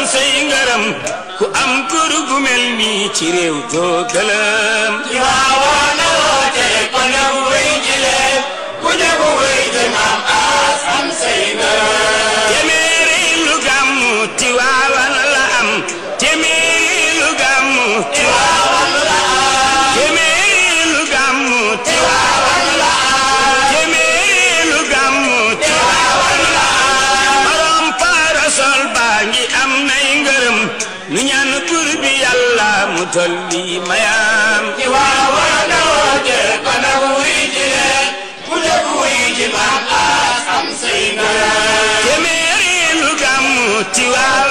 am say ngaram ku am kër gu mel nii ci réew joo gëlëm. tol bi mayaam ci waa waa na woote bana wuy ji leen bu def wuy ji maam aas am say ngaraam lu gàmm ci waa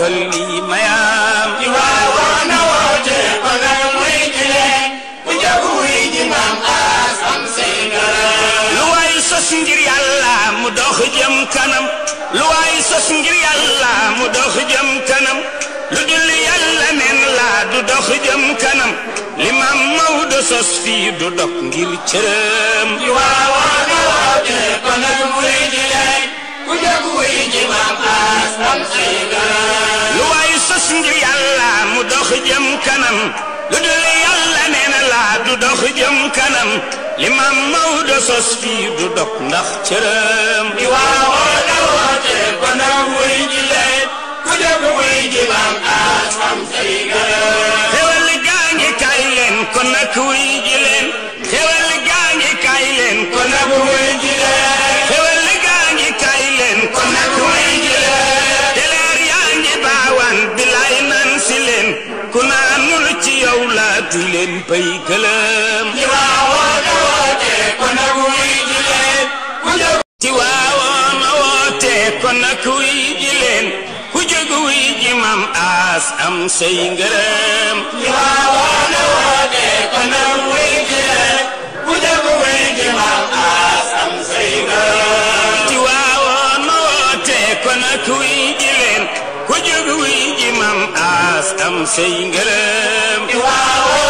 jolli mayam i waawoona woote lu waay sos ngir yàlla mu dox jëm kanam lu waay sos ngir yàlla mu dox kanam lu dul yàlla nen la du dox jëm kanam li maam Maodo sos fii du dog ngir cërëm i waawoona woote bagal ji maam aas am say dox jëm kanam lu dul yàlla nee na laa du dox jëm kanam li maam Maodo sos fii du dog ndax cërëm a woote kon nag ku jóg ci ji mam aas am say ngërëm am say ngërëm